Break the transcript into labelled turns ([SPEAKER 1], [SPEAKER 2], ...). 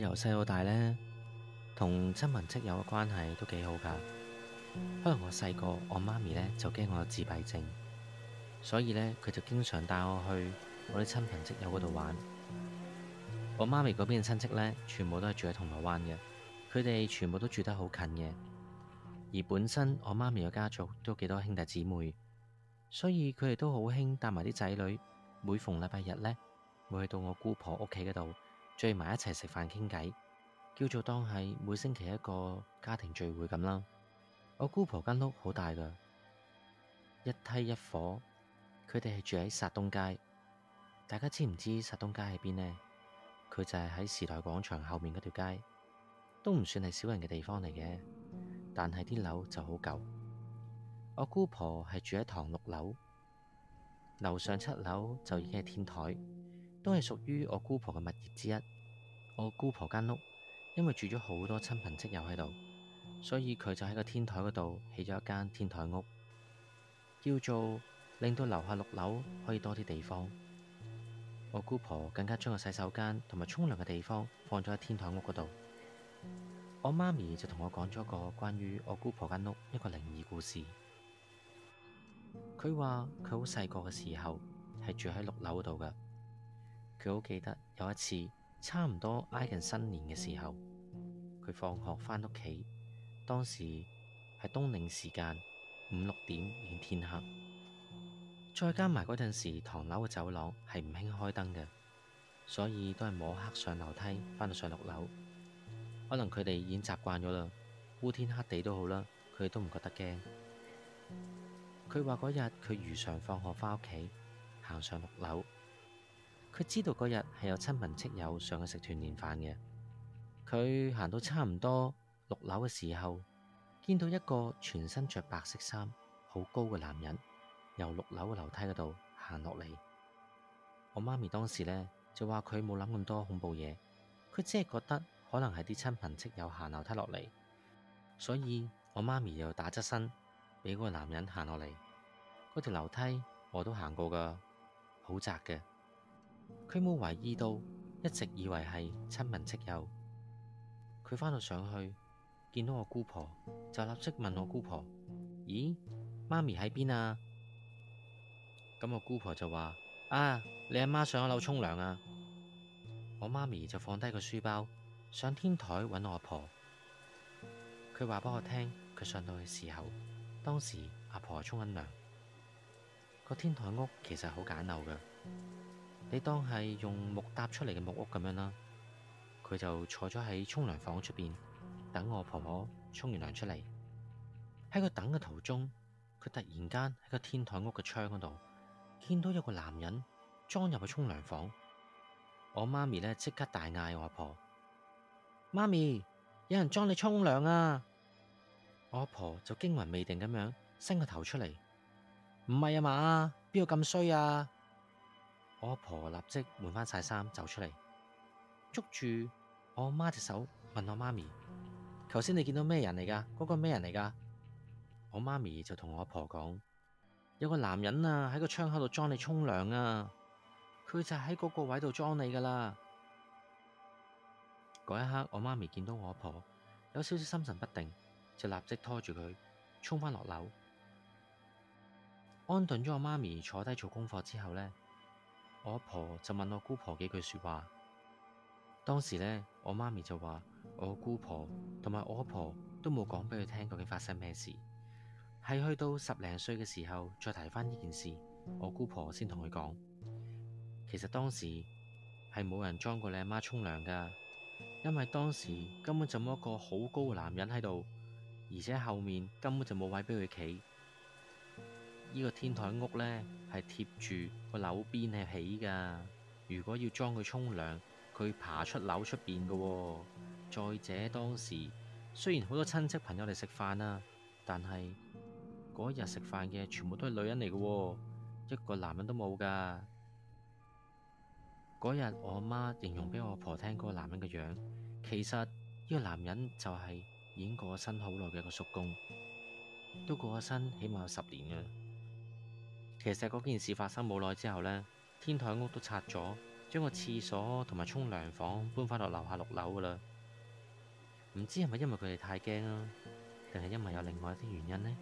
[SPEAKER 1] 由細到大呢，同親朋戚友嘅關係都幾好噶。可能我細個，我媽咪呢就驚我有自閉症，所以呢，佢就經常帶我去我啲親朋戚友嗰度玩。我媽咪嗰邊嘅親戚呢，全部都係住喺銅鑼灣嘅，佢哋全部都住得好近嘅。而本身我媽咪嘅家族都幾多兄弟姊妹，所以佢哋都好興帶埋啲仔女，每逢禮拜日呢，會去到我姑婆屋企嗰度。聚埋一齊食飯傾偈，叫做當係每星期一個家庭聚會咁啦。我姑婆間屋好大噶，一梯一伙，佢哋係住喺霎東街。大家知唔知霎東街喺邊呢？佢就係喺時代廣場後面嗰條街，都唔算係少人嘅地方嚟嘅，但係啲樓就好舊。我姑婆係住喺唐六樓，樓上七樓就已經係天台。都係屬於我姑婆嘅物業之一。我姑婆間屋因為住咗好多親朋戚友喺度，所以佢就喺個天台嗰度起咗一間天台屋，叫做令到樓下六樓可以多啲地方。我姑婆更加將個洗手間同埋沖涼嘅地方放咗喺天台屋嗰度。我媽咪就同我講咗個關於我姑婆間屋一個靈異故事。佢話佢好細個嘅時候係住喺六樓度㗎。佢好記得有一次差唔多挨近新年嘅時候，佢放學返屋企，當時係冬令時間五六點，已經天黑，再加埋嗰陣時，唐樓嘅走廊係唔興開燈嘅，所以都係摸黑上樓梯返到上六樓。可能佢哋已經習慣咗啦，烏天黑地都好啦，佢哋都唔覺得驚。佢話嗰日佢如常放學返屋企，行上六樓。佢知道嗰日係有親朋戚友上去食團年飯嘅。佢行到差唔多六樓嘅時候，見到一個全身着白色衫、好高嘅男人由六樓嘅樓梯嗰度行落嚟。我媽咪當時呢就話，佢冇諗咁多恐怖嘢，佢只係覺得可能係啲親朋戚友行樓梯落嚟，所以我媽咪又打側身俾嗰個男人行落嚟。嗰條樓梯，我都行過㗎，好窄嘅。佢冇懷疑到，一直以為係親民戚友。佢返到上去，見到我姑婆，就立即問我姑婆：咦，媽咪喺邊啊？咁我姑婆就話：啊，你阿媽上咗樓沖涼啊！我媽咪就放低個書包，上天台搵我阿婆。佢話俾我聽，佢上到去嘅時候，當時阿婆沖緊涼。個天台屋其實好簡陋嘅。你當係用木搭出嚟嘅木屋咁樣啦，佢就坐咗喺沖涼房出邊等我婆婆沖完涼出嚟。喺佢等嘅途中，佢突然間喺個天台屋嘅窗嗰度見到有個男人裝入去沖涼房。我媽咪咧即刻大嗌我阿婆：媽咪，有人裝你沖涼啊！我阿婆就驚魂未定咁樣伸個頭出嚟：唔係啊嘛，邊個咁衰啊？我阿婆立即換翻晒衫走出嚟，捉住我媽隻手，問我媽咪：頭先你見到咩人嚟噶？嗰個咩人嚟噶？我媽咪就同我阿婆講：有個男人啊，喺個窗口度裝你沖涼啊，佢就喺嗰個位度裝你噶啦。嗰一刻，我媽咪見到我阿婆有少少心神不定，就立即拖住佢沖翻落樓，安頓咗我媽咪坐低做功課之後呢。我阿婆就問我姑婆幾句說話，當時呢，我媽咪就話我姑婆同埋我阿婆都冇講俾佢聽究竟發生咩事，係去到十零歲嘅時候再提翻呢件事，我姑婆先同佢講，其實當時係冇人裝過你阿媽沖涼噶，因為當時根本就冇一個好高嘅男人喺度，而且後面根本就冇位俾佢企。呢、呢個天台屋呢，係貼住個樓邊嚟起㗎。如果要裝佢沖涼，佢爬出樓出邊嘅。再者，當時雖然好多親戚朋友嚟食飯呀，但係嗰日食飯嘅全部都係女人嚟嘅，一個男人都冇㗎。嗰日我阿媽形容俾我婆聽嗰個男人嘅樣，其實呢、呢個男人就係已經過咗身好耐嘅一個叔公，都過咗身，起碼有十年嘅。其實嗰件事發生冇耐之後，呢天台屋都拆咗，將個廁所同埋沖涼房搬翻落樓下六樓噶啦。唔知係咪因為佢哋太驚啦，定係因為有另外一啲原因呢？